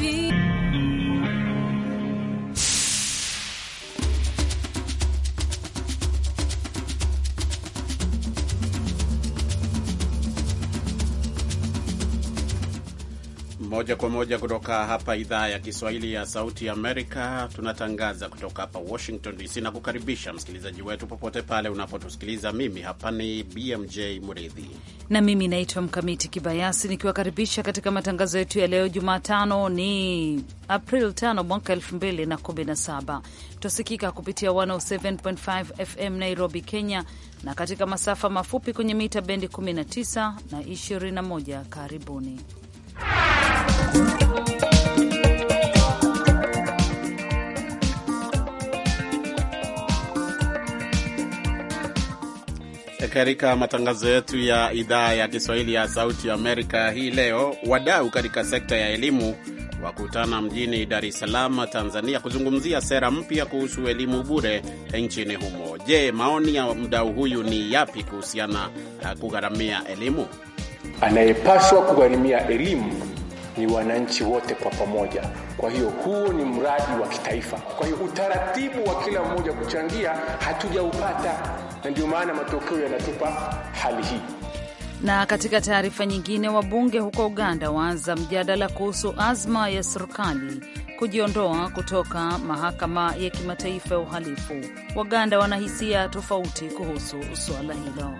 be. Moja kwa moja kutoka hapa idhaa ya Kiswahili ya Sauti ya Amerika. Tunatangaza kutoka hapa Washington DC na kukaribisha msikilizaji wetu popote pale unapotusikiliza. Mimi hapa ni BMJ mridhi na mimi naitwa Mkamiti Kibayasi nikiwakaribisha katika matangazo yetu ya leo Jumatano ni April 5 mwaka 2017. twasikika kupitia 107.5 FM Nairobi, Kenya, na katika masafa mafupi kwenye mita bendi 19 na 21. Karibuni. E, katika matangazo yetu ya idhaa ya Kiswahili ya Sauti ya Amerika hii leo, wadau katika sekta ya elimu wakutana mjini Dar es Salaam, Tanzania, kuzungumzia sera mpya kuhusu elimu bure nchini humo. Je, maoni ya mdau huyu ni yapi kuhusiana na kugharamia elimu? Anayepaswa kugharimia elimu ni wananchi wote kwa pamoja. Kwa hiyo huo ni mradi wa kitaifa. Kwa hiyo utaratibu wa kila mmoja kuchangia hatujaupata, na ndio maana matokeo yanatupa hali hii. Na katika taarifa nyingine, wabunge huko Uganda waanza mjadala kuhusu azma ya serikali kujiondoa kutoka mahakama ya kimataifa ya uhalifu. Waganda wanahisia tofauti kuhusu suala hilo.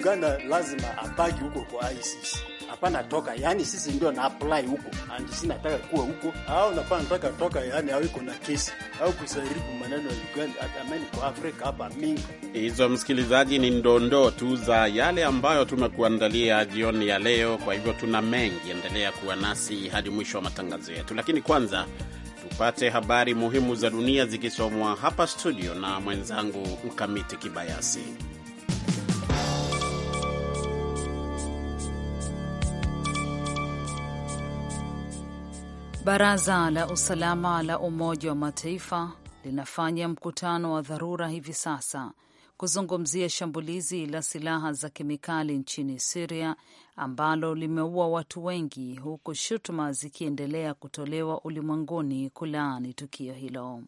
Uganda lazima abaki huko kwa ICC hapana toka, yani sisi ndio na apply huko and sisi nataka kuwa huko, au napana nataka toka, yani au iko na kesi au kusairibu maneno ya Uganda at amani kwa Afrika hapa mingi. Hizo msikilizaji, ni ndondoo tu za yale ambayo tumekuandalia jioni ya leo. Kwa hivyo tuna mengi, endelea kuwa nasi hadi mwisho wa matangazo yetu, lakini kwanza tupate habari muhimu za dunia zikisomwa hapa studio na mwenzangu Mkamiti Kibayasi. Baraza la Usalama la Umoja wa Mataifa linafanya mkutano wa dharura hivi sasa kuzungumzia shambulizi la silaha za kemikali nchini Siria ambalo limeua watu wengi huku shutuma zikiendelea kutolewa ulimwenguni kulaani tukio hilo.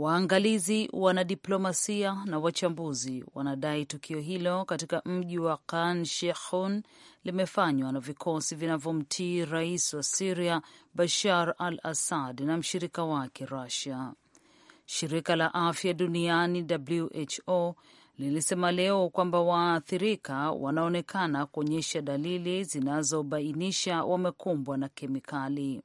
Waangalizi, wanadiplomasia na wachambuzi wanadai tukio hilo katika mji wa Khan Sheikhun limefanywa na vikosi vinavyomtii rais wa Siria Bashar al Assad na mshirika wake Rusia. Shirika la afya duniani WHO lilisema leo kwamba waathirika wanaonekana kuonyesha dalili zinazobainisha wamekumbwa na kemikali.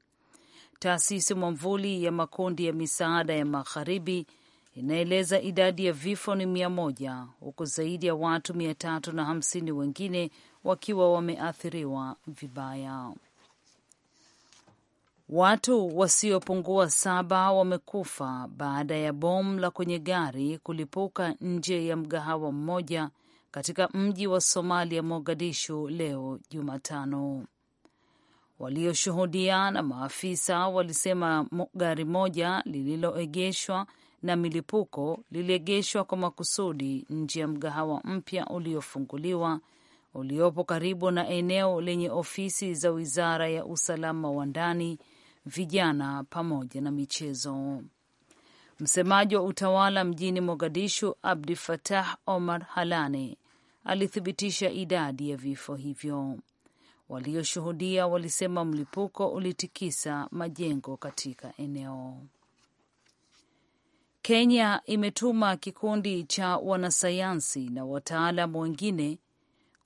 Taasisi mwamvuli ya makundi ya misaada ya magharibi inaeleza idadi ya vifo ni mia moja huku zaidi ya watu mia tatu na hamsini wengine wakiwa wameathiriwa vibaya. Watu wasiopungua saba wamekufa baada ya bomu la kwenye gari kulipuka nje ya mgahawa mmoja katika mji wa Somalia, Mogadishu, leo Jumatano. Walioshuhudia na maafisa walisema gari moja lililoegeshwa na milipuko liliegeshwa kwa makusudi nje ya mgahawa mpya uliofunguliwa uliopo karibu na eneo lenye ofisi za wizara ya usalama wa ndani, vijana pamoja na michezo. Msemaji wa utawala mjini Mogadishu, Abdi Fatah Omar Halane, alithibitisha idadi ya vifo hivyo. Walioshuhudia walisema mlipuko ulitikisa majengo katika eneo. Kenya imetuma kikundi cha wanasayansi na wataalam wengine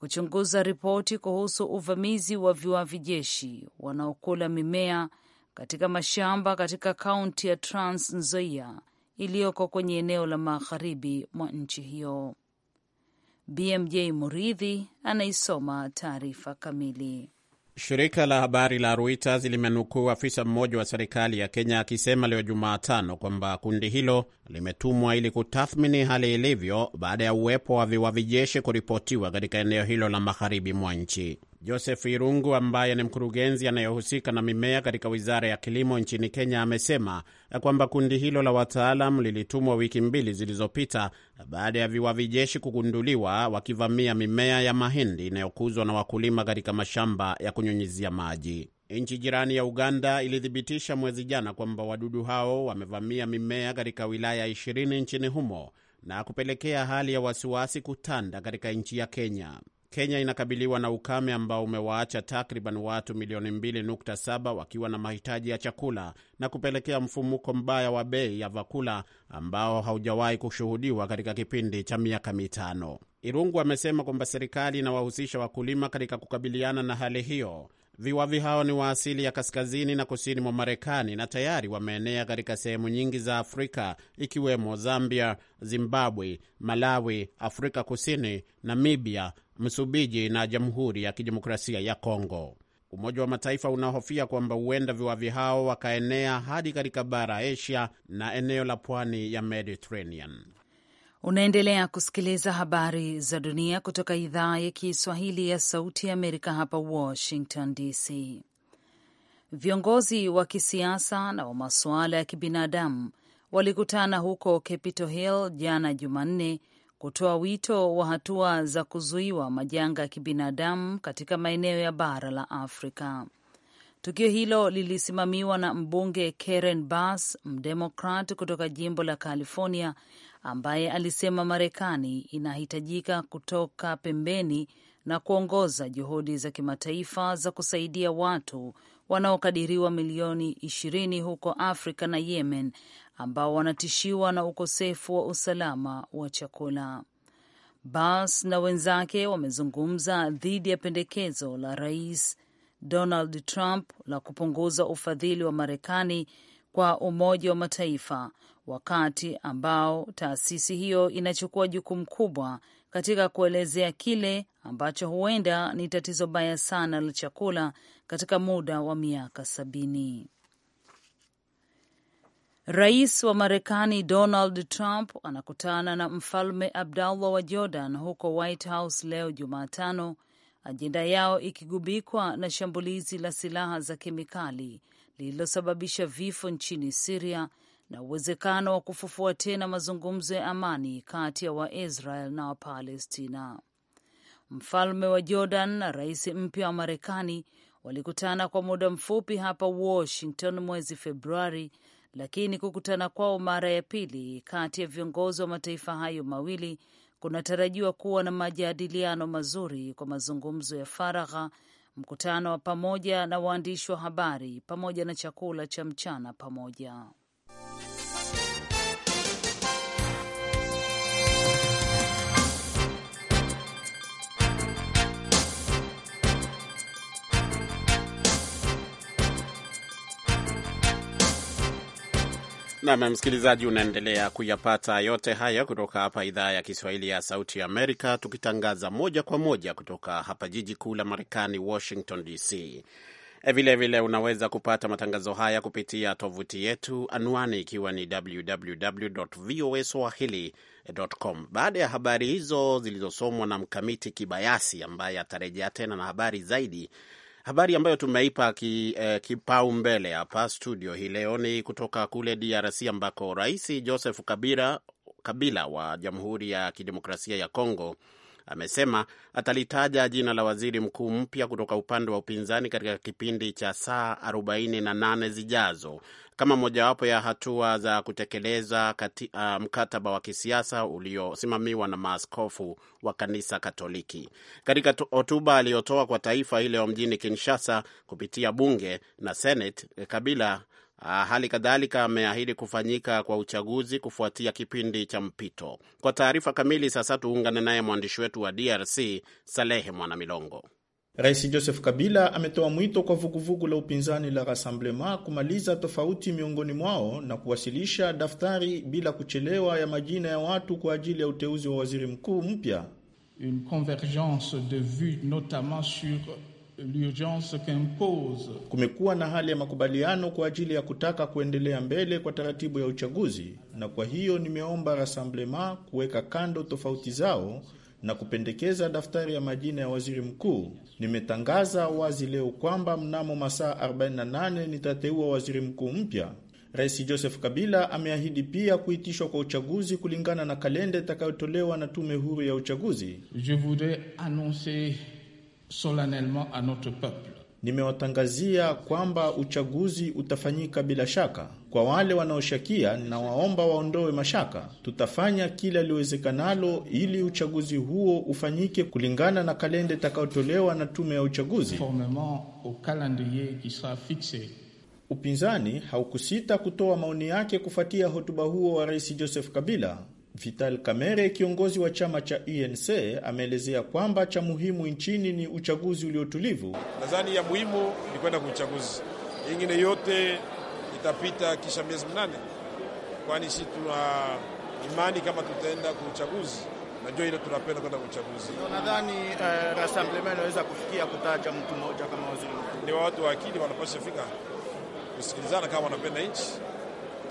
kuchunguza ripoti kuhusu uvamizi wa viwavi jeshi wanaokula mimea katika mashamba katika kaunti ya Trans Nzoia iliyoko kwenye eneo la magharibi mwa nchi hiyo. BMJ Muridhi anaisoma taarifa kamili. Shirika la habari la Reuters limenukuu afisa mmoja wa serikali ya Kenya akisema leo Jumatano kwamba kundi hilo limetumwa ili kutathmini hali ilivyo baada ya uwepo wa viwavijeshi kuripotiwa katika eneo hilo la magharibi mwa nchi. Joseph Irungu ambaye ni mkurugenzi anayehusika na mimea katika wizara ya kilimo nchini Kenya amesema kwamba kundi hilo la wataalam lilitumwa wiki mbili zilizopita baada ya viwavi jeshi kugunduliwa wakivamia mimea ya mahindi inayokuzwa na wakulima katika mashamba ya kunyunyizia maji. Nchi jirani ya Uganda ilithibitisha mwezi jana kwamba wadudu hao wamevamia mimea katika wilaya 20 nchini humo na kupelekea hali ya wasiwasi kutanda katika nchi ya Kenya. Kenya inakabiliwa na ukame ambao umewaacha takriban watu milioni 2.7 wakiwa na mahitaji ya chakula na kupelekea mfumuko mbaya wa bei ya vyakula ambao haujawahi kushuhudiwa katika kipindi cha miaka mitano. Irungu amesema kwamba serikali inawahusisha wakulima katika kukabiliana na hali hiyo. Viwavi hao ni wa asili ya kaskazini na kusini mwa Marekani na tayari wameenea katika sehemu nyingi za Afrika ikiwemo Zambia, Zimbabwe, Malawi, Afrika Kusini, Namibia, Msumbiji na Jamhuri ya Kidemokrasia ya Kongo. Umoja wa Mataifa unahofia kwamba huenda viwavi hao wakaenea hadi katika bara Asia na eneo la pwani ya Mediterranean. Unaendelea kusikiliza habari za dunia kutoka idhaa ya Kiswahili ya Sauti ya Amerika, hapa Washington DC. Viongozi wa kisiasa na wa masuala ya kibinadamu walikutana huko Capitol Hill jana Jumanne kutoa wito wa hatua za kuzuiwa majanga ya kibinadamu katika maeneo ya bara la Afrika. Tukio hilo lilisimamiwa na mbunge Karen Bass, mdemokrat kutoka jimbo la California, ambaye alisema Marekani inahitajika kutoka pembeni na kuongoza juhudi za kimataifa za kusaidia watu wanaokadiriwa milioni 20 huko Afrika na Yemen ambao wanatishiwa na ukosefu wa usalama wa chakula. Bas na wenzake wamezungumza dhidi ya pendekezo la Rais Donald Trump la kupunguza ufadhili wa Marekani kwa Umoja wa Mataifa wakati ambao taasisi hiyo inachukua jukumu kubwa katika kuelezea kile ambacho huenda ni tatizo baya sana la chakula katika muda wa miaka sabini. Rais wa Marekani Donald Trump anakutana na Mfalme Abdallah wa Jordan huko White House leo Jumatano, ajenda yao ikigubikwa na shambulizi la silaha za kemikali lililosababisha vifo nchini Siria na uwezekano wa kufufua tena mazungumzo ya amani kati ya Waisrael na Wapalestina. Mfalme wa Jordan na rais mpya wa Marekani walikutana kwa muda mfupi hapa Washington mwezi Februari lakini kukutana kwao mara ya pili kati ya viongozi wa mataifa hayo mawili kunatarajiwa kuwa na majadiliano mazuri kwa mazungumzo ya faragha, mkutano wa pamoja na waandishi wa habari, pamoja na chakula cha mchana pamoja. Nam msikilizaji, unaendelea kuyapata yote haya kutoka hapa idhaa ya Kiswahili ya Sauti ya Amerika, tukitangaza moja kwa moja kutoka hapa jiji kuu la Marekani, Washington DC. Eh, Vilevile vile unaweza kupata matangazo haya kupitia tovuti yetu, anwani ikiwa ni www voa swahili.com. Baada ya habari hizo zilizosomwa na Mkamiti Kibayasi, ambaye atarejea tena na habari zaidi Habari ambayo tumeipa eh, kipaumbele eh, hapa studio hii leo ni kutoka kule DRC ambako Rais Joseph Kabila, Kabila wa Jamhuri ya Kidemokrasia ya Kongo amesema atalitaja jina la waziri mkuu mpya kutoka upande wa upinzani katika kipindi cha saa 48 zijazo kama mojawapo ya hatua za kutekeleza kati, uh, mkataba wa kisiasa uliosimamiwa na maaskofu wa kanisa Katoliki. Katika hotuba aliyotoa kwa taifa hilo mjini Kinshasa kupitia bunge na Senate, eh, Kabila Ah, hali kadhalika ameahidi kufanyika kwa uchaguzi kufuatia kipindi cha mpito. Kwa taarifa kamili, sasa tuungane naye mwandishi wetu wa DRC Salehe Mwanamilongo. Rais Joseph Kabila ametoa mwito kwa vuguvugu la upinzani la Rassemblement kumaliza tofauti miongoni mwao na kuwasilisha daftari bila kuchelewa ya majina ya watu kwa ajili ya uteuzi wa waziri mkuu mpya. une convergence de notamment sur Kumekuwa na hali ya makubaliano kwa ajili ya kutaka kuendelea mbele kwa taratibu ya uchaguzi, na kwa hiyo nimeomba Rassemblement kuweka kando tofauti zao na kupendekeza daftari ya majina ya waziri mkuu. Nimetangaza wazi leo kwamba mnamo masaa 48 nitateua waziri mkuu mpya. Rais Joseph Kabila ameahidi pia kuitishwa kwa uchaguzi kulingana na kalenda itakayotolewa na tume huru ya uchaguzi. Je voudrais annoncer solennellement à notre peuple. Nimewatangazia kwamba uchaguzi utafanyika bila shaka. Kwa wale wanaoshakia, ninawaomba waondoe mashaka. Tutafanya kila liwezekanalo ili uchaguzi huo ufanyike kulingana na kalenda itakayotolewa na tume ya uchaguzi. Upinzani haukusita kutoa maoni yake kufuatia hotuba huo wa Rais Joseph Kabila. Vital Kamerhe, kiongozi wa chama cha UNC, e ameelezea kwamba cha muhimu nchini ni uchaguzi uliotulivu. Nadhani ya muhimu ni kwenda kwa uchaguzi, ingine yote itapita kisha miezi minane, kwani si tuna imani kama tutaenda kwa uchaguzi najua ile tunapenda kwenda uchaguzi. Nadhani eh, rassemblement inaweza kufikia kutaja mtu mmoja kama waziri mkuu. Ni watu wa akili wanapasha fika kusikilizana kama wanapenda nchi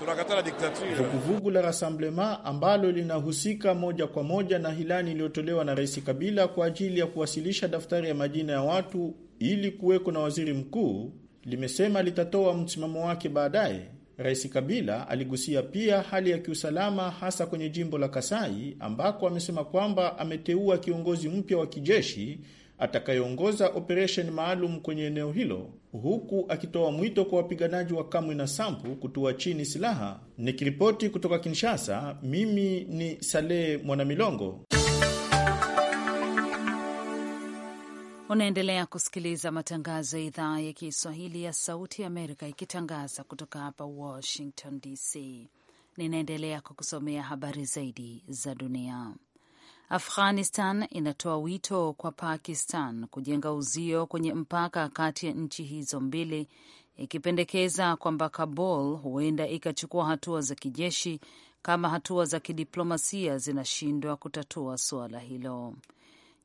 tunakataa diktatura. Vuguvugu la Rassemblement ambalo linahusika moja kwa moja na hilani iliyotolewa na Rais Kabila kwa ajili ya kuwasilisha daftari ya majina ya watu ili kuweko na waziri mkuu limesema litatoa msimamo wake baadaye. Rais Kabila aligusia pia hali ya kiusalama hasa kwenye jimbo la Kasai ambako amesema kwamba ameteua kiongozi mpya wa kijeshi atakayeongoza operesheni maalum kwenye eneo hilo, huku akitoa mwito kwa wapiganaji wa kamwi na Sampu kutua chini silaha. Nikiripoti kutoka Kinshasa, mimi ni Saleh Mwanamilongo. Unaendelea kusikiliza matangazo ya idhaa ya Kiswahili ya Sauti ya Amerika ikitangaza kutoka hapa Washington DC. Ninaendelea kukusomea habari zaidi za dunia. Afghanistan inatoa wito kwa Pakistan kujenga uzio kwenye mpaka kati ya nchi hizo mbili, ikipendekeza kwamba Kabul huenda ikachukua hatua za kijeshi kama hatua za kidiplomasia zinashindwa kutatua suala hilo.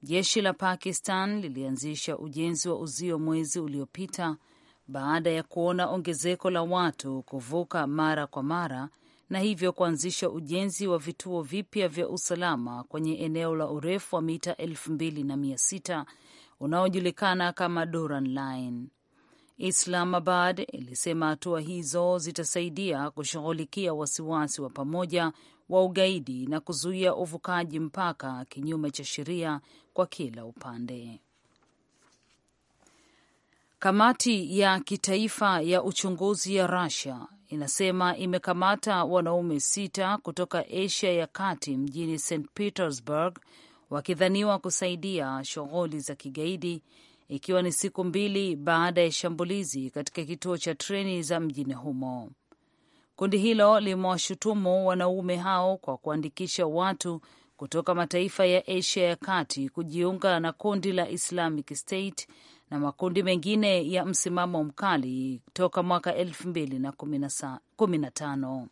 Jeshi la Pakistan lilianzisha ujenzi wa uzio mwezi uliopita baada ya kuona ongezeko la watu kuvuka mara kwa mara na hivyo kuanzisha ujenzi wa vituo vipya vya usalama kwenye eneo la urefu wa mita elfu mbili na mia sita unaojulikana kama Duran Line. Islamabad ilisema hatua hizo zitasaidia kushughulikia wasiwasi wa pamoja wa ugaidi na kuzuia uvukaji mpaka kinyume cha sheria kwa kila upande. Kamati ya kitaifa ya uchunguzi ya Russia inasema imekamata wanaume sita kutoka Asia ya Kati mjini St Petersburg wakidhaniwa kusaidia shughuli za kigaidi, ikiwa ni siku mbili baada ya shambulizi katika kituo cha treni za mjini humo. Kundi hilo limewashutumu wanaume hao kwa kuandikisha watu kutoka mataifa ya Asia ya Kati kujiunga na kundi la Islamic State na makundi mengine ya msimamo mkali toka mwaka 215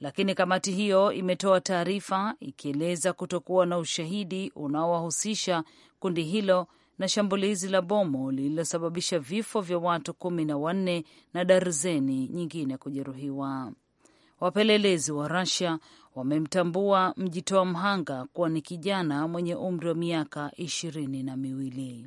lakini kamati hiyo imetoa taarifa ikieleza kutokuwa na ushahidi unaowahusisha kundi hilo na shambulizi la bomu lililosababisha vifo vya watu kumi na wanne na darzeni nyingine kujeruhiwa. Wapelelezi wa rasia wamemtambua mjitoa mhanga kuwa ni kijana mwenye umri wa miaka ishirini na miwili.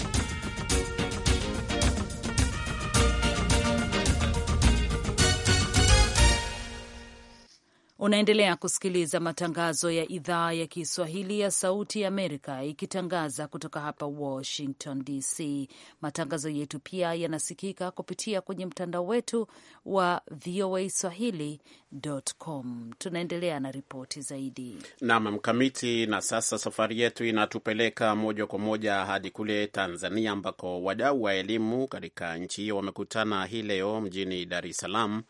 Unaendelea kusikiliza matangazo ya idhaa ya Kiswahili ya Sauti ya Amerika ikitangaza kutoka hapa Washington DC. Matangazo yetu pia yanasikika kupitia kwenye mtandao wetu wa VOA Swahili.com. Tunaendelea na ripoti zaidi. Naam, Mkamiti, na sasa safari yetu inatupeleka moja kwa moja hadi kule Tanzania, ambako wadau wa elimu katika nchi hiyo wamekutana hii leo mjini Dar es Salaam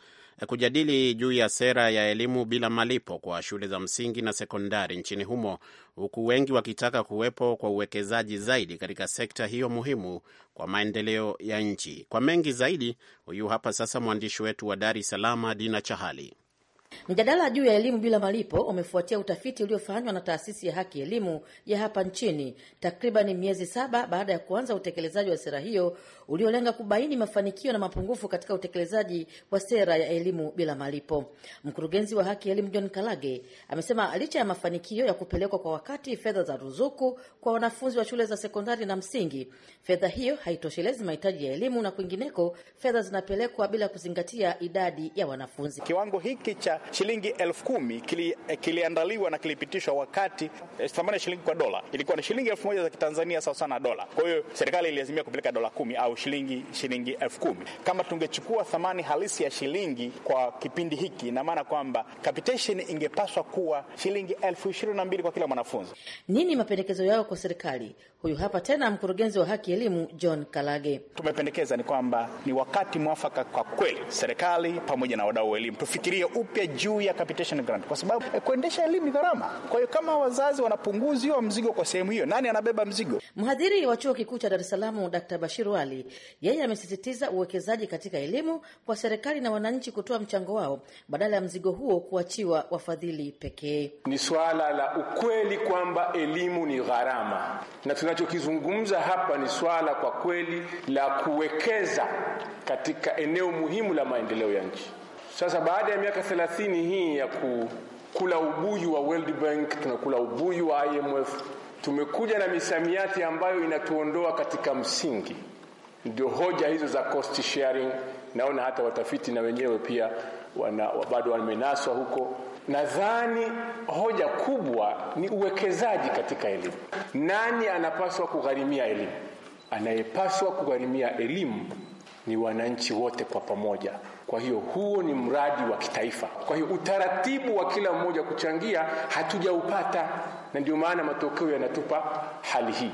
kujadili juu ya sera ya elimu bila malipo kwa shule za msingi na sekondari nchini humo, huku wengi wakitaka kuwepo kwa uwekezaji zaidi katika sekta hiyo muhimu kwa maendeleo ya nchi. Kwa mengi zaidi, huyu hapa sasa mwandishi wetu wa Dar es Salaam, Dina Chahali. Mjadala juu ya elimu bila malipo umefuatia utafiti uliofanywa na taasisi ya Haki Elimu ya hapa nchini takriban miezi saba baada ya kuanza utekelezaji wa sera hiyo uliolenga kubaini mafanikio na mapungufu katika utekelezaji wa sera ya elimu bila malipo. Mkurugenzi wa Haki Elimu John Kalage amesema licha ya mafanikio ya kupelekwa kwa wakati fedha za ruzuku kwa wanafunzi wa shule za sekondari na msingi, fedha hiyo haitoshelezi mahitaji ya elimu na kwingineko, fedha zinapelekwa bila kuzingatia idadi ya wanafunzi. Kiwango hiki cha shilingi elfu kumi kili, eh, kiliandaliwa na kilipitishwa wakati eh, thamani ya shilingi kwa dola ilikuwa ni shilingi elfu moja za Kitanzania sawa sana dola. Kwa hiyo serikali iliazimia kupeleka dola kumi au shilingi shilingi elfu kumi. Kama tungechukua thamani halisi ya shilingi kwa kipindi hiki, ina maana kwamba capitation ingepaswa kuwa shilingi elfu ishirini na mbili kwa kila mwanafunzi. Nini mapendekezo yao kwa serikali? Huyu hapa tena mkurugenzi wa haki elimu John Kalage. Tumependekeza ni kwamba ni wakati mwafaka kwa kweli serikali pamoja na wadau wa elimu tufikirie upya juu ya capitation grant, kwa sababu eh, kuendesha elimu ni gharama. Kwa hiyo kama wazazi wanapunguziwa mzigo kwa sehemu hiyo, nani anabeba mzigo? Mhadhiri wa chuo kikuu cha Dar es Salaam Dr. Bashir Wali, yeye amesisitiza uwekezaji katika elimu kwa serikali na wananchi kutoa mchango wao badala ya mzigo huo kuachiwa wafadhili pekee. Ni swala la ukweli kwamba elimu ni gharama, na tunachokizungumza hapa ni swala kwa kweli la kuwekeza katika eneo muhimu la maendeleo ya nchi. Sasa baada ya miaka 30 hii ya kukula ubuyu wa World Bank, tunakula ubuyu wa IMF, tumekuja na misamiati ambayo inatuondoa katika msingi. Ndio hoja hizo za cost sharing. Naona hata watafiti na wenyewe pia wana, bado wamenaswa huko. Nadhani hoja kubwa ni uwekezaji katika elimu. Nani anapaswa kugharimia elimu? Anayepaswa kugharimia elimu ni wananchi wote kwa pamoja. Kwa hiyo huo ni mradi wa kitaifa. Kwa hiyo utaratibu wa kila mmoja kuchangia hatujaupata, na ndio maana matokeo yanatupa hali hii.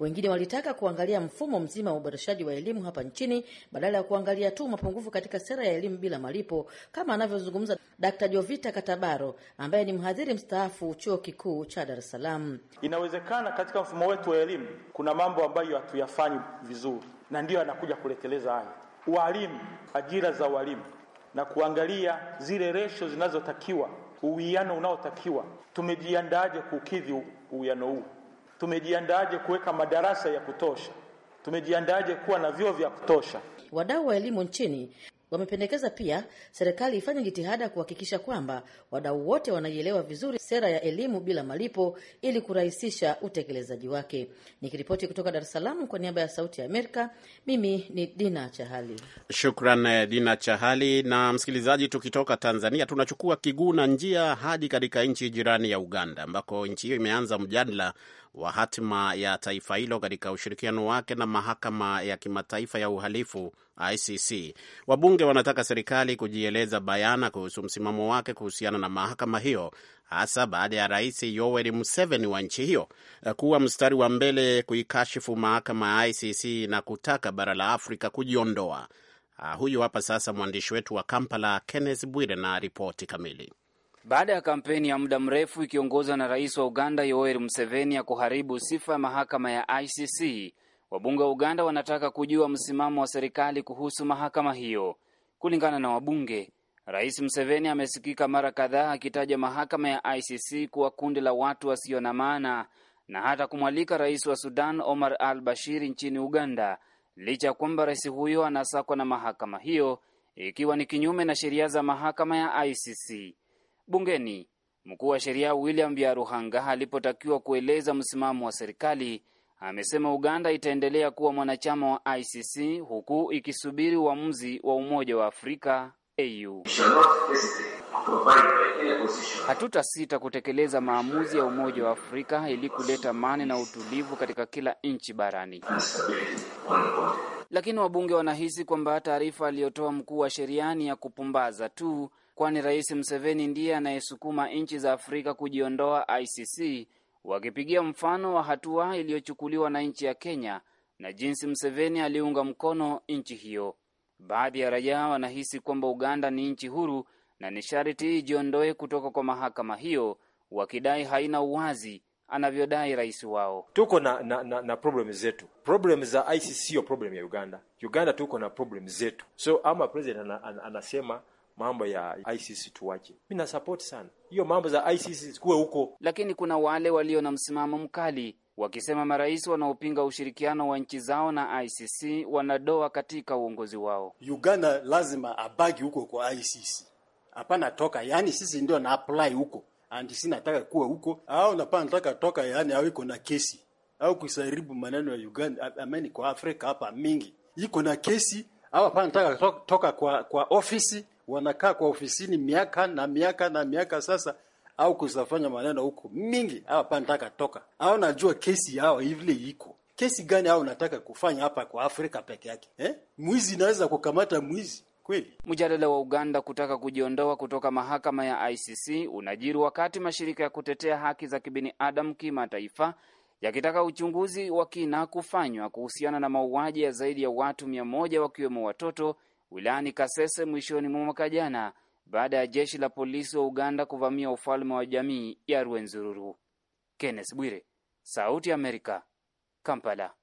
Wengine walitaka kuangalia mfumo mzima wa uboreshaji wa elimu hapa nchini badala ya kuangalia tu mapungufu katika sera ya elimu bila malipo, kama anavyozungumza Dkt. Jovita Katabaro ambaye ni mhadhiri mstaafu Chuo Kikuu cha Dar es Salaam. Inawezekana katika mfumo wetu wa elimu kuna mambo ambayo hatuyafanyi vizuri, na ndiyo anakuja kuleteleza haya walimu, ajira za walimu na kuangalia zile resho zinazotakiwa, uwiano unaotakiwa. Tumejiandaaje kukidhi uwiano huu? Tumejiandaaje kuweka madarasa ya kutosha? Tumejiandaaje kuwa na vyoo vya kutosha? Wadau wa elimu nchini Wamependekeza pia serikali ifanye jitihada kuhakikisha kwamba wadau wote wanaielewa vizuri sera ya elimu bila malipo ili kurahisisha utekelezaji wake. Nikiripoti kutoka Dar es Salaam kwa niaba ya Sauti ya Amerika, mimi ni Dina Chahali. Shukran eh, Dina Chahali. Na msikilizaji, tukitoka Tanzania tunachukua kiguu na njia hadi katika nchi jirani ya Uganda, ambako nchi hiyo imeanza mjadala wa hatima ya taifa hilo katika ushirikiano wake na mahakama ya kimataifa ya uhalifu ICC. Wabunge wanataka serikali kujieleza bayana kuhusu msimamo wake kuhusiana na mahakama hiyo, hasa baada ya Rais Yoweri Museveni wa nchi hiyo kuwa mstari wa mbele kuikashifu mahakama ya ICC na kutaka bara la Afrika kujiondoa. Ah, huyu hapa sasa mwandishi wetu wa Kampala, Kenneth Bwire na ripoti kamili. Baada ya kampeni ya muda mrefu ikiongozwa na rais wa Uganda Yoweri Museveni ya kuharibu sifa ya mahakama ya ICC, wabunge wa Uganda wanataka kujua msimamo wa serikali kuhusu mahakama hiyo. Kulingana na wabunge, Rais Museveni amesikika mara kadhaa akitaja mahakama ya ICC kuwa kundi la watu wasio na maana na hata kumwalika rais wa Sudan Omar al Bashir nchini Uganda, licha ya kwamba rais huyo anasakwa na mahakama hiyo, ikiwa ni kinyume na sheria za mahakama ya ICC bungeni. Mkuu wa sheria William Byaruhanga alipotakiwa kueleza msimamo wa serikali, amesema Uganda itaendelea kuwa mwanachama wa ICC huku ikisubiri uamuzi wa, Umoja wa Afrika AU. Hatutasita kutekeleza maamuzi ya Umoja wa Afrika ili kuleta amani na utulivu katika kila nchi barani. Lakini wabunge wanahisi kwamba taarifa aliyotoa mkuu wa sheria ni ya kupumbaza tu kwani Rais Museveni ndiye anayesukuma nchi za Afrika kujiondoa ICC, wakipigia mfano wa hatua iliyochukuliwa na nchi ya Kenya na jinsi Museveni aliunga mkono nchi hiyo. Baadhi ya raia wanahisi kwamba Uganda ni nchi huru na ni sharti ijiondoe kutoka kwa mahakama hiyo, wakidai haina uwazi anavyodai rais wao. Tuko na, na, na, na problem zetu. Problem za ICC sio problem ya Uganda. Uganda tuko na problem zetu, so ama president anasema mambo ya ICC tuwache. Mi na support sana hiyo mambo za ICC zikuwe huko, lakini kuna wale walio na msimamo mkali wakisema marais wanaopinga ushirikiano wa nchi zao na ICC wanadoa katika uongozi wao. Uganda lazima abaki huko kwa ICC, hapana toka. Yaani sisi ndio na apply huko and si nataka kuwa huko au napana nataka toka, yaani au iko na kesi au kusaribu maneno ya Uganda amani kwa Afrika hapa mingi iko na kesi au hapana nataka toka kwa, kwa ofisi wanakaa kwa ofisini miaka na miaka na miaka sasa, au kuzafanya maneno huko mingi. Hapa nataka toka au najua kesi yao hivile iko kesi gani au nataka kufanya hapa kwa Afrika peke yake eh? Mwizi inaweza kukamata mwizi kweli. Mjadala wa Uganda kutaka kujiondoa kutoka mahakama ya ICC unajiri wakati mashirika ya kutetea haki za kibinadamu kimataifa yakitaka uchunguzi wa kina kufanywa kuhusiana na mauaji ya zaidi ya watu mia moja wakiwemo watoto wilayani Kasese mwishoni mwa mwaka jana baada ya jeshi la polisi wa Uganda kuvamia ufalme wa jamii ya Rwenzururu. Kenneth Bwire, Sauti ya Amerika, Kampala.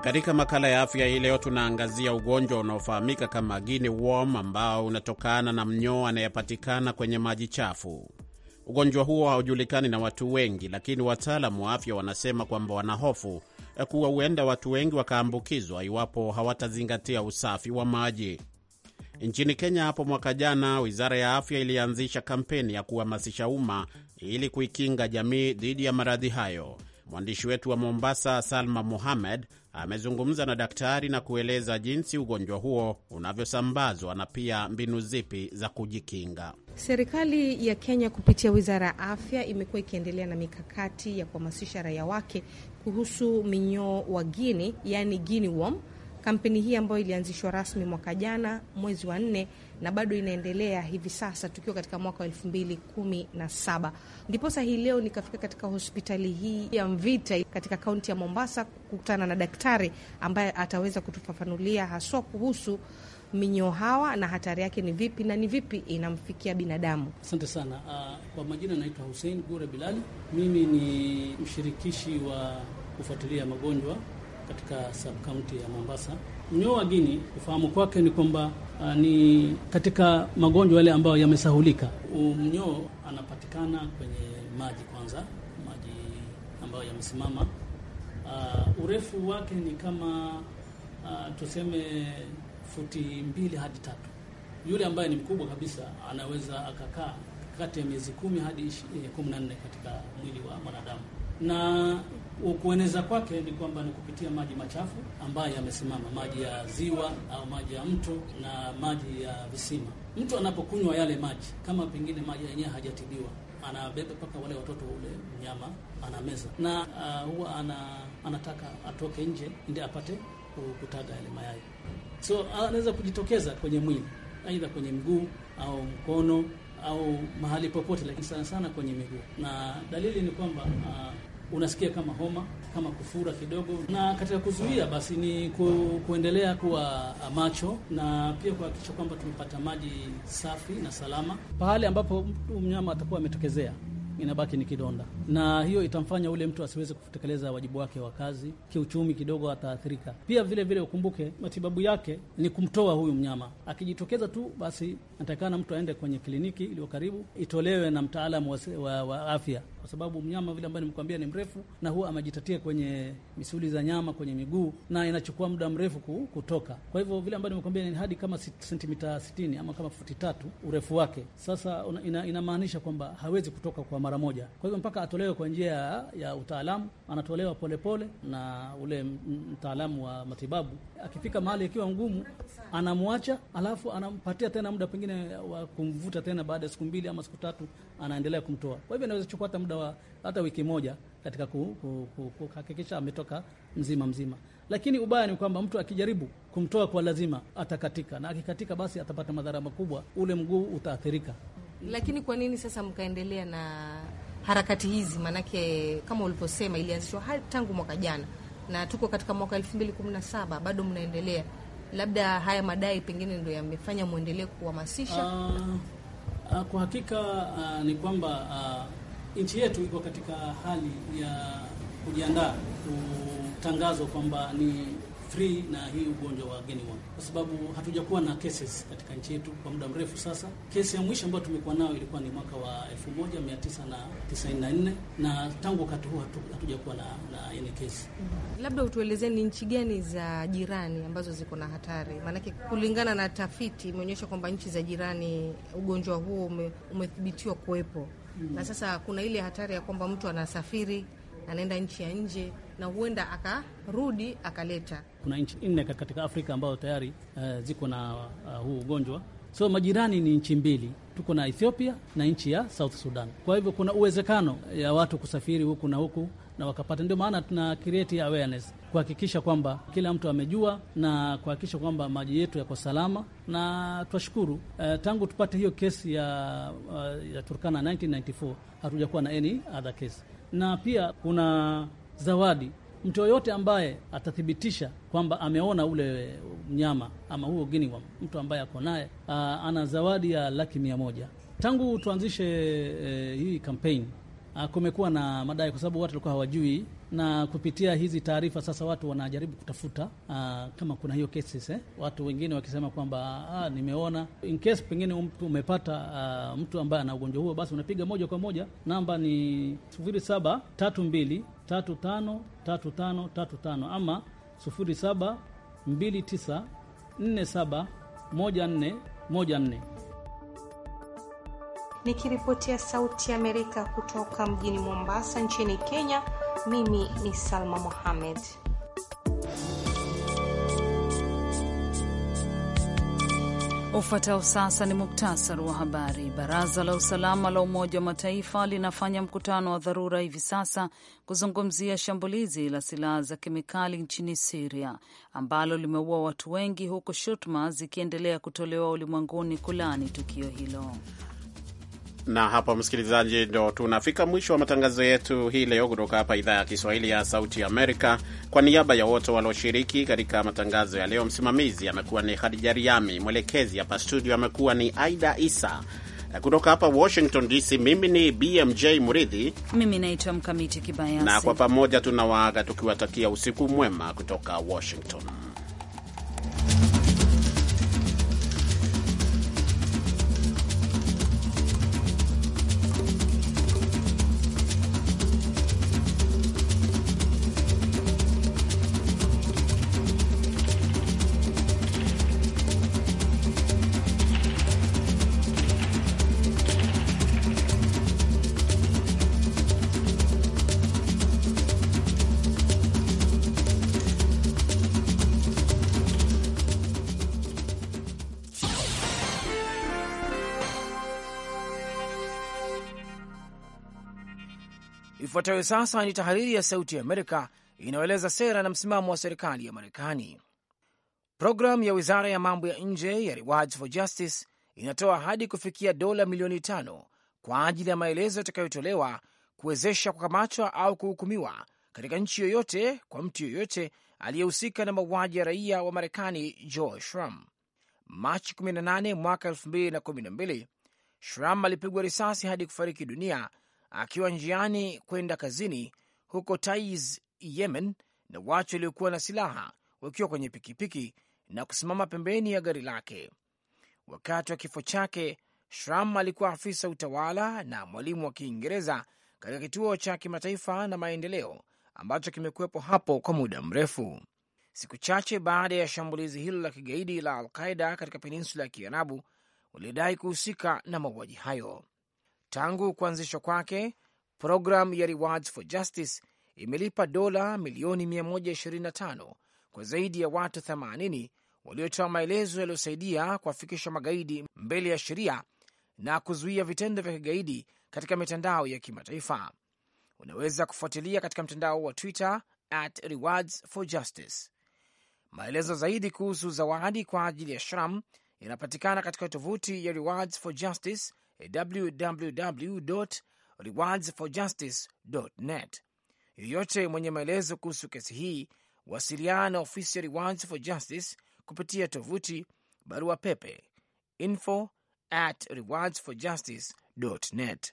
Katika makala ya afya hii leo tunaangazia ugonjwa unaofahamika kama guinea worm ambao unatokana na mnyoo anayepatikana kwenye maji chafu. Ugonjwa huo haujulikani na watu wengi, lakini wataalamu wa afya wanasema kwamba wanahofu eh, kuwa huenda watu wengi wakaambukizwa iwapo hawatazingatia usafi wa maji. Nchini Kenya hapo mwaka jana, wizara ya afya ilianzisha kampeni ya kuhamasisha umma ili kuikinga jamii dhidi ya maradhi hayo. Mwandishi wetu wa Mombasa, Salma muhamed amezungumza na daktari na kueleza jinsi ugonjwa huo unavyosambazwa na pia mbinu zipi za kujikinga. Serikali ya Kenya kupitia wizara ya afya imekuwa ikiendelea na mikakati ya kuhamasisha raia wake kuhusu minyoo wa gini, yani gini worm. Kampeni hii ambayo ilianzishwa rasmi mwaka jana mwezi wa nne na bado inaendelea hivi sasa tukiwa katika mwaka wa elfu mbili kumi na saba. Ndiposa hii leo nikafika katika hospitali hii ya Mvita katika kaunti ya Mombasa kukutana na daktari ambaye ataweza kutufafanulia haswa kuhusu minyoo hawa na hatari yake ni vipi na ni vipi inamfikia binadamu. Asante sana. Uh, kwa majina naitwa Hussein Gure Bilali. Mimi ni mshirikishi wa kufuatilia magonjwa katika sub ya Mombasa. Mnyoo wa gini kufahamu kwake ni kwamba ah, ni katika magonjwa yale ambayo yamesahulika. Mnyoo anapatikana kwenye maji kwanza, maji ambayo yamesimama. Uh, urefu wake ni kama uh, tuseme futi mbili hadi tatu. Yule ambaye ni mkubwa kabisa anaweza akakaa kati ya miezi kumi hadi eh, kumi na nne katika mwili wa mwanadamu na kueneza kwake ni kwamba ni kupitia maji machafu ambayo yamesimama, maji ya ziwa au maji ya mto na maji ya visima. Mtu anapokunywa yale maji, kama pengine maji yenyewe hajatibiwa, anabeba mpaka wale watoto, ule mnyama anameza, na uh, huwa ana, anataka atoke nje ndi apate kutaga yale mayai, so anaweza kujitokeza kwenye mwili, aidha kwenye mguu au mkono au mahali popote, lakini sana sana kwenye miguu, na dalili ni kwamba uh, unasikia kama homa kama kufura kidogo, na katika kuzuia basi ni ku, kuendelea kuwa macho na pia kuhakikisha kwamba tumepata maji safi na salama. Pahali ambapo mnyama atakuwa ametokezea inabaki ni kidonda, na hiyo itamfanya ule mtu asiweze kutekeleza wajibu wake wa kazi. Kiuchumi kidogo ataathirika pia. Vile vile ukumbuke, matibabu yake ni kumtoa huyu mnyama. Akijitokeza tu, basi anatakikana mtu aende kwenye kliniki iliyo karibu, itolewe na mtaalamu wa, wa, wa afya kwa sababu mnyama vile ambaye nimekuambia ni mrefu na huwa amejitatia kwenye misuli za nyama, kwenye miguu na inachukua muda mrefu kutoka. Kwa hivyo vile ambayo nimekuambia ni hadi kama sentimita 60 ama kama futi tatu urefu wake. Sasa ina, inamaanisha kwamba hawezi kutoka kwa mara moja, kwa hivyo mpaka atolewe kwa njia ya utaalamu. Anatolewa polepole pole, na ule mtaalamu wa matibabu akifika mahali akiwa ngumu anamwacha, alafu anampatia tena muda pengine wa kumvuta tena baada ya siku mbili ama siku tatu anaendelea kumtoa. Kwa hivyo inaweza kuchukua hata muda wa hata wiki moja katika kuhakikisha ametoka mzima mzima, lakini ubaya ni kwamba mtu akijaribu kumtoa kwa lazima atakatika, na akikatika, basi atapata madhara makubwa, ule mguu utaathirika. Lakini kwa nini sasa mkaendelea na harakati hizi? Maanake kama ulivyosema, ilianzishwa tangu mwaka jana na tuko katika mwaka elfu mbili kumi na saba bado mnaendelea. Labda haya madai pengine ndo yamefanya mwendelee kuhamasisha. Uh, Uh, kwa hakika uh, ni kwamba uh, nchi yetu iko katika hali ya kujiandaa kutangazwa kwamba ni free na hii ugonjwa wa geniworm, kwa sababu hatujakuwa na cases katika nchi yetu kwa muda mrefu sasa. Kesi ya mwisho ambayo tumekuwa nayo ilikuwa ni mwaka wa 1994 na tangu wakati huo hatu, hatujakuwa na, na any kesi. Labda utueleze ni nchi gani za jirani ambazo ziko na hatari, maanake kulingana na tafiti imeonyesha kwamba nchi za jirani ugonjwa huo ume, umethibitiwa kuwepo mm. Na sasa kuna ile hatari ya kwamba mtu anasafiri anaenda nchi ya nje na huenda akarudi akaleta. Kuna nchi nne katika Afrika ambayo tayari uh, ziko na uh, huu ugonjwa. So majirani ni nchi mbili, tuko na Ethiopia na nchi ya South Sudan. Kwa hivyo kuna uwezekano ya watu kusafiri huku na huku na wakapata. Ndio maana tuna create awareness kuhakikisha kwamba kila mtu amejua na kuhakikisha kwamba maji yetu yako salama, na twashukuru uh, tangu tupate hiyo kesi ya, uh, ya Turkana 1994 hatujakuwa na any other case, na pia kuna zawadi mtu yoyote ambaye atathibitisha kwamba ameona ule mnyama ama huo giniwa, mtu ambaye ako naye ah, ana zawadi ya laki mia moja. Tangu tuanzishe e, hii kampeni Ah, kumekuwa na madai kwa sababu watu walikuwa hawajui, na kupitia hizi taarifa sasa watu wanajaribu kutafuta uh, kama kuna hiyo cases eh, watu wengine wakisema kwamba ah, nimeona in case pengine mtu um, umepata uh, mtu ambaye ana ugonjwa huo, basi unapiga moja kwa moja namba ni 0732353535 ama 0729471414 Nikiripotia Sauti ya Amerika kutoka mjini Mombasa nchini Kenya, mimi ni Salma Mohamed. Ufuatao sasa ni muktasari wa habari. Baraza la usalama la Umoja wa Mataifa linafanya mkutano wa dharura hivi sasa kuzungumzia shambulizi la silaha za kemikali nchini Siria ambalo limeua watu wengi, huku shutuma zikiendelea kutolewa ulimwenguni kulani tukio hilo na hapa, msikilizaji, ndo tunafika mwisho wa matangazo yetu hii leo kutoka hapa idhaa ya Kiswahili ya Sauti Amerika. Kwa niaba ya wote walioshiriki katika matangazo ya leo, msimamizi amekuwa ni Khadija Riami, mwelekezi hapa studio amekuwa ni Aida Isa. Kutoka hapa Washington DC, mimi ni BMJ Muridhi, mimi naitwa Mkamiti Kibayasi, na kwa pamoja tunawaaga tukiwatakia usiku mwema kutoka Washington. Ifuatayo sasa ni tahariri ya Sauti ya Amerika inayoeleza sera na msimamo wa serikali ya Marekani. Programu ya wizara ya mambo ya nje ya Rewards for Justice inatoa hadi kufikia dola milioni tano kwa ajili ya maelezo yatakayotolewa kuwezesha kukamatwa au kuhukumiwa katika nchi yoyote kwa mtu yoyote aliyehusika na mauaji ya raia wa Marekani Joe Shram. Machi 18 mwaka 2012, Shram alipigwa risasi hadi kufariki dunia akiwa njiani kwenda kazini huko Taiz, Yemen, na watu waliokuwa na silaha wakiwa kwenye pikipiki na kusimama pembeni ya gari lake. Wakati wa kifo chake, Shram alikuwa afisa utawala na mwalimu wa Kiingereza katika kituo cha kimataifa na maendeleo ambacho kimekuwepo hapo kwa muda mrefu. Siku chache baada ya shambulizi hilo la kigaidi la Alqaida katika peninsula ya Kiarabu, walidai kuhusika na mauaji hayo. Tangu kuanzishwa kwake, programu ya Rewards for Justice imelipa dola milioni 125 kwa zaidi ya watu 80 waliotoa maelezo yaliyosaidia kuwafikisha magaidi mbele ya sheria na kuzuia vitendo vya kigaidi katika mitandao ya kimataifa. Unaweza kufuatilia katika mtandao wa Twitter at Rewards for Justice. Maelezo zaidi kuhusu zawadi kwa ajili ya Shram yanapatikana katika tovuti ya Rewards for Justice www rewardsforjustice net. Yoyote mwenye maelezo kuhusu kesi hii wasiliana na ofisi ya Rewards for Justice kupitia tovuti, barua pepe info at justice net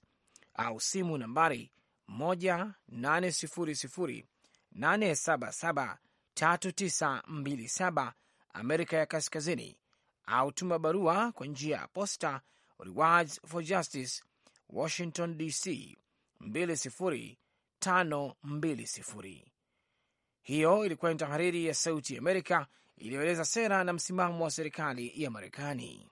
au simu nambari 1 Amerika ya Kaskazini, au tuma barua kwa njia ya posta Rewards for Justice, Washington DC 20520. Hiyo ilikuwa ni tahariri ya Sauti ya Amerika iliyoeleza sera na msimamo wa serikali ya Marekani.